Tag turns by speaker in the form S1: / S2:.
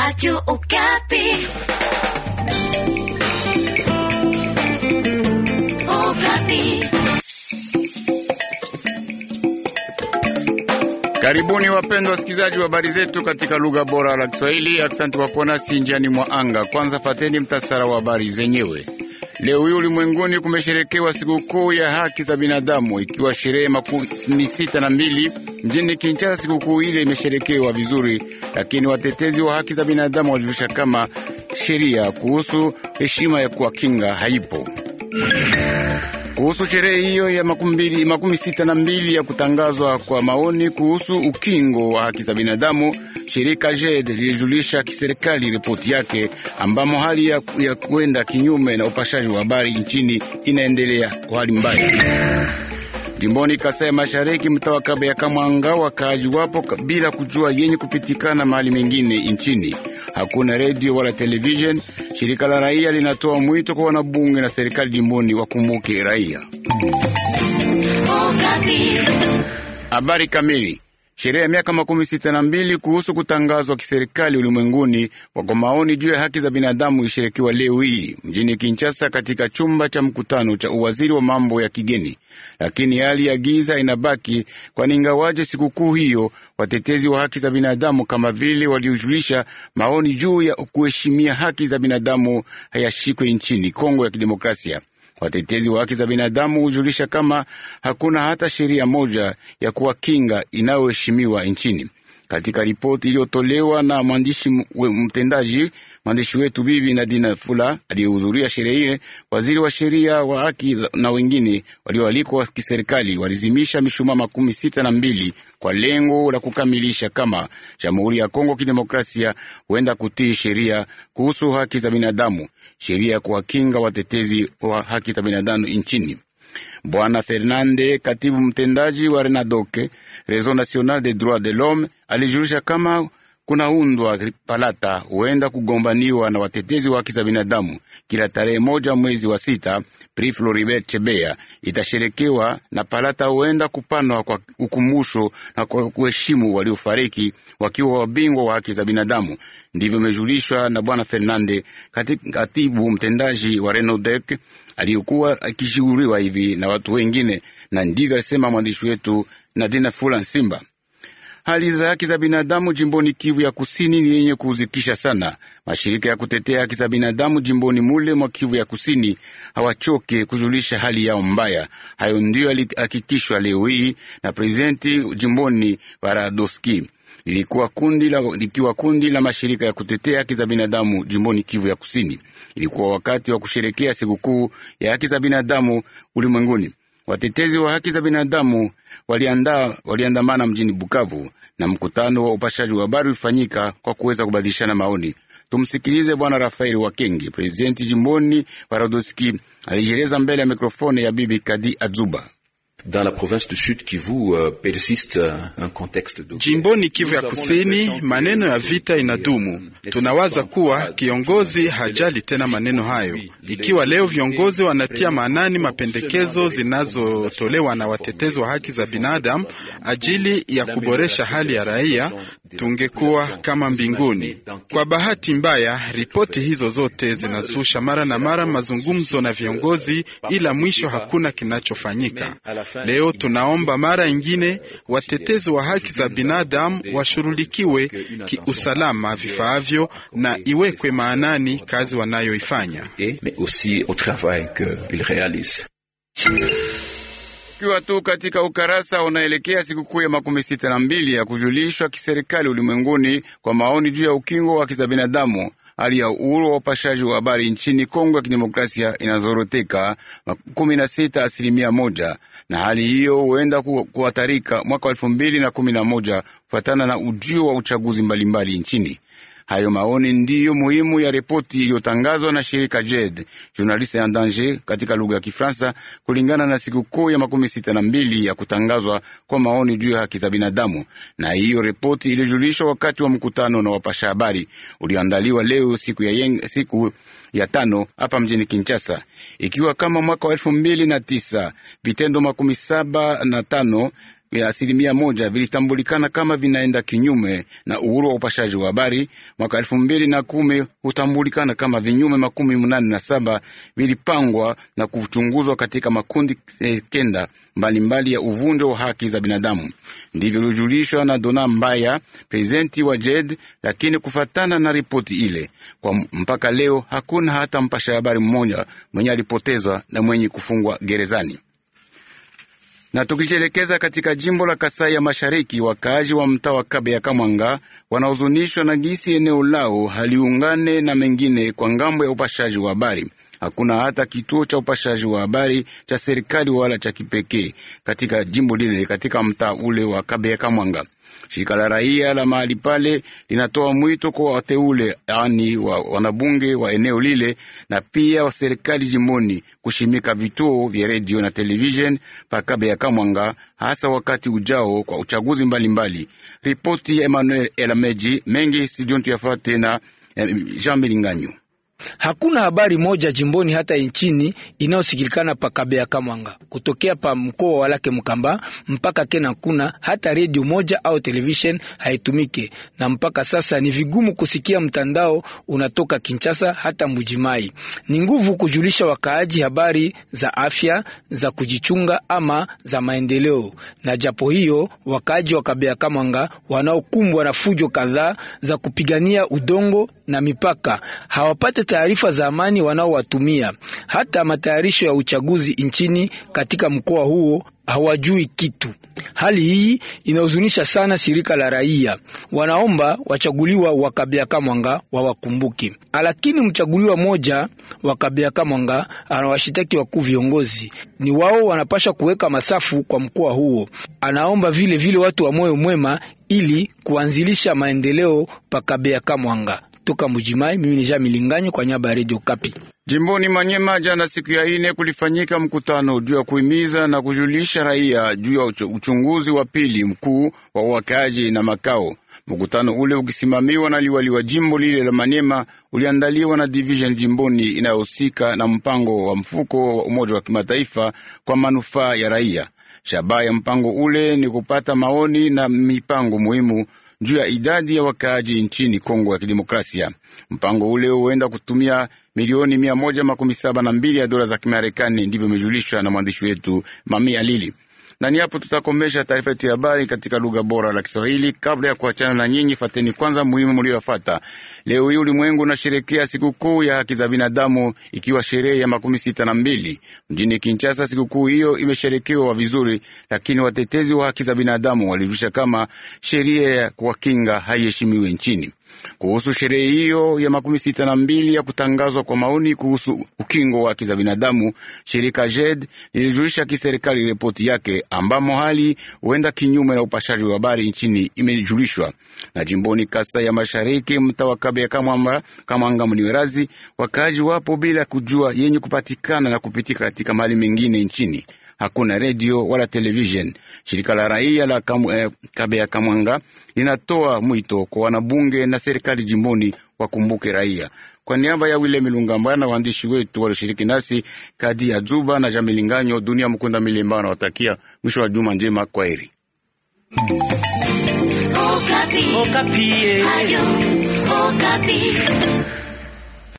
S1: Radio Okapi. Okapi.
S2: Karibuni wapendwa wasikilizaji wa habari zetu katika lugha bora la Kiswahili. Asante kwa kuwa nasi njiani mwa anga. Kwanza fateni mtasara wa habari zenyewe. Leo hii ulimwenguni kumesherekewa sikukuu ya haki za binadamu, ikiwa sherehe makumi sita na mbili mjini Kinshasa. Sikukuu ile imesherekewa vizuri, lakini watetezi wa haki za binadamu wajulisha kama sheria kuhusu heshima ya kuwakinga haipo kuhusu sherehe hiyo ya makumi sita na mbili ya kutangazwa kwa maoni kuhusu ukingo wa haki za binadamu, shirika JED lilijulisha kiserikali ripoti yake ambamo hali ya, ya kwenda kinyume na upashaji wa habari nchini inaendelea kwa hali mbaya. Jimboni Kasai Mashariki, mtawa Kabe ya Kamwanga, wakaaji wapo bila kujua yenye kupitikana mahali mengine nchini. Hakuna redio wala television. Shirika la raia linatoa mwito kwa wanabunge na serikali jimboni wakumbuke raia. Oh, Habari kamili sheria ya miaka makumi sita na mbili kuhusu kutangazwa kiserikali ulimwenguni kwa maoni juu ya haki za binadamu ishirikiwa leo hii mjini Kinshasa katika chumba cha mkutano cha uwaziri wa mambo ya kigeni, lakini hali ya giza inabaki, kwani ingawaje sikukuu hiyo watetezi wa haki za binadamu kama vile waliojulisha maoni juu ya kuheshimia haki za binadamu hayashikwe nchini Kongo ya Kidemokrasia. Watetezi wa haki za binadamu hujulisha kama hakuna hata sheria moja ya kuwakinga inayoheshimiwa nchini. Katika ripoti iliyotolewa na mwandishi mtendaji Mwandishi wetu Bibi Nadina Fula aliyehudhuria sherehe ile, waziri wa sheria wa haki na wengine walioalikwa wa kiserikali walizimisha mishumaa makumi sita na mbili kwa lengo la kukamilisha kama Jamhuri ya Kongo Kidemokrasia huenda kutii sheria kuhusu haki za binadamu, sheria ya kuwakinga watetezi wa haki za binadamu nchini. Bwana Fernande, katibu mtendaji wa Renadoke, Reseau National des Droits de l'Homme, alijulisha kama kunaundwa palata huenda kugombaniwa na watetezi wa haki za binadamu. Kila tarehe moja mwezi wa sita, pri Floribert chebea itasherekewa na palata huenda kupanwa kwa ukumbusho na kwa kuheshimu waliofariki wakiwa wabingwa wa haki za binadamu. Ndivyo imejulishwa na Bwana Fernande, katibu mtendaji wa Renodec aliyokuwa akishughuliwa hivi na watu wengine, na ndivyo alisema mwandishi wetu Nadina Fula Nsimba hali za haki za binadamu jimboni Kivu ya kusini ni yenye kuhuzikisha sana. Mashirika ya kutetea haki za binadamu jimboni mule mwa Kivu ya kusini hawachoke kujulisha hali yao mbaya. Hayo ndiyo alihakikishwa leo hii na prezidenti jimboni Varadoski likiwa kundi, kundi la mashirika ya kutetea haki za binadamu jimboni Kivu ya kusini. Ilikuwa wakati wa kusherekea sikukuu ya haki za binadamu ulimwenguni. Watetezi wa haki za binadamu waliandaa waliandamana mjini Bukavu na mkutano wa upashaji wa habari ulifanyika kwa kuweza kubadilishana maoni. Tumsikilize Bwana Rafaeli Wakengi, prezidenti jimboni wa Rodoski, alijieleza mbele ya mikrofoni ya Bibi Kadi Adzuba. Dans la province du Sud Kivu, uh, persiste, uh, un contexte de... Jimboni Kivu ya Kusini, maneno ya vita inadumu. Euh, Tunawaza kuwa kiongozi hajali tena maneno hayo. Ikiwa leo viongozi wanatia maanani mapendekezo zinazotolewa na watetezi wa haki za binadamu ajili ya kuboresha hali ya raia, tungekuwa kama mbinguni. Kwa bahati mbaya, ripoti hizo zote zinazusha mara na mara mazungumzo na viongozi, ila mwisho hakuna kinachofanyika. Leo tunaomba mara ingine watetezi wa haki za binadamu washughulikiwe kiusalama vifaavyo na iwekwe maanani kazi wanayoifanya. Ukiwa tu katika ukarasa unaelekea sikukuu ya makumi sita na mbili ya kujulishwa kiserikali ulimwenguni kwa maoni juu ya ukingo wa haki za binadamu. Hali ya uhuru wa upashaji wa habari nchini Kongo ya Kidemokrasia inazoroteka kumi na sita asilimia moja na hali hiyo huenda kuhatarika mwaka wa elfu mbili na kumi na moja kufuatana na ujio wa uchaguzi mbalimbali mbali nchini. Hayo maoni ndiyo muhimu ya ripoti iliyotangazwa na shirika JED Journaliste en Danger katika lugha ya Kifaransa, kulingana na sikukuu ya makumi sita na mbili ya kutangazwa kwa maoni juu ya haki za binadamu. Na hiyo ripoti ilijulishwa wakati wa mkutano na wapasha habari ulioandaliwa leo siku ya yeng, siku ya tano hapa mjini Kinshasa, ikiwa kama mwaka wa elfu mbili na tisa vitendo makumi saba na tano vya asilimia moja vilitambulikana kama vinaenda kinyume na uhuru wa upashaji wa habari. Mwaka elfu mbili na kumi hutambulikana kama vinyume makumi mnane na saba vilipangwa na kuchunguzwa katika makundi eh, kenda mbalimbali mbali ya uvunjo wa haki za binadamu, ndivyo ilijulishwa na Dona Mbaya, prezidenti wa JED. Lakini kufatana na ripoti ile, kwa mpaka leo hakuna hata mpasha habari mmoja mwenye alipotezwa na mwenye kufungwa gerezani. Na tukijielekeza katika jimbo la Kasai ya Mashariki, wakaaji wa mtaa wa Kabe ya Kamwanga wanahuzunishwa na gisi eneo lao haliungane na mengine kwa ngambo ya upashaji wa habari. Hakuna hata kituo cha upashaji wa habari cha serikali wala cha kipekee katika jimbo lile, katika mtaa ule wa Kabe ya Kamwanga. Shirika la raia la mahali pale linatoa mwito kwa wateule, yani wa, wanabunge wa eneo lile na pia wa serikali jimboni kushimika vituo vya redio na televishen pakabe ya Kamwanga, hasa wakati ujao kwa uchaguzi mbalimbali mbali. Ripoti ya Emmanuel Elameji mengi studioni tuyafate na eh, Jean milinganyo
S1: Hakuna habari moja jimboni hata nchini inayosikilikana pa Kabea Kamwanga kutokea pa mkoa wa Lake Mkamba mpaka Kena, kuna hata redio moja au television haitumike, na mpaka sasa ni vigumu kusikia mtandao unatoka Kinshasa hata Mbujimai. Ni nguvu kujulisha wakaaji habari za afya, za kujichunga ama za maendeleo, na japo hiyo wakaaji wa Kabea Kamwanga wanaokumbwa na fujo kadhaa za kupigania udongo na mipaka hawapate taarifa taarifa za amani wanaowatumia. Hata matayarisho ya uchaguzi nchini katika mkoa huo hawajui kitu. Hali hii inahuzunisha sana shirika la raia. Wanaomba wachaguliwa wa Kabiaka Kamwanga wawakumbuke, lakini mchaguliwa mmoja wa Kabiaka Mwanga anawashitaki wakuu viongozi, ni wao wanapasha kuweka masafu kwa mkoa huo. Anaomba vile vile watu wa moyo mwema ili kuanzilisha maendeleo pa Kabeaka Kamwanga toka Mujimai, mimi ni Jean Milinganye kwa nyaba ya Radio Kapi.
S2: Jimboni Manyema, jana siku ya ine kulifanyika mkutano juu ya kuhimiza na kujulisha raia juu ya uchunguzi wa pili mkuu wa uwakaji na makao. Mkutano ule ukisimamiwa na liwali wa jimbo lile la Manyema uliandaliwa na division jimboni inayohusika na mpango wa mfuko wa Umoja wa Kimataifa kwa manufaa ya raia. Shabaha ya mpango ule ni kupata maoni na mipango muhimu juu ya idadi ya wakaaji nchini Kongo ya Kidemokrasia. Mpango ule huenda kutumia milioni mia moja makumi saba na mbili ya dola za Kimarekani, ndivyo imejulishwa na mwandishi wetu Mami Alili na ni hapo tutakomesha taarifa yetu ya habari katika lugha bora la Kiswahili. Kabla ya kuachana na nyinyi, fateni kwanza muhimu mlioyafata leo hii. Ulimwengu unasherekea sikukuu ya haki za binadamu, ikiwa sherehe ya makumi sita na mbili mjini Kinshasa. Sikukuu hiyo imesherekewa vizuri, lakini watetezi wa haki za binadamu walirusha kama sheria ya kuwakinga haiheshimiwe nchini kuhusu sherehe hiyo ya makumi sita na mbili ya kutangazwa kwa maoni kuhusu ukingo wa haki za binadamu, shirika JED lilijulisha kiserikali ripoti yake, ambamo hali huenda kinyume na upashaji wa habari nchini imejulishwa. Na jimboni kasa ya Mashariki, mtaa wa Kamwamba Kamwanga Mniwerazi, wakaaji wapo bila kujua yenye kupatikana na kupitika katika mahali mengine nchini hakuna redio wala television. Shirika la raia la kam, eh, Kabea Kamwanga linatoa mwito kwa wanabunge na serikali jimboni wakumbuke raia. Kwa niaba ya Milungamba na waandishi wetu walioshiriki nasi Kadi ya Dzuba na Jamilinganyo, Dunia Mkunda Milimba nawatakia mwisho wa juma njema. Kwa heri.
S1: Okapi. Oh, Okapi. Oh, eh.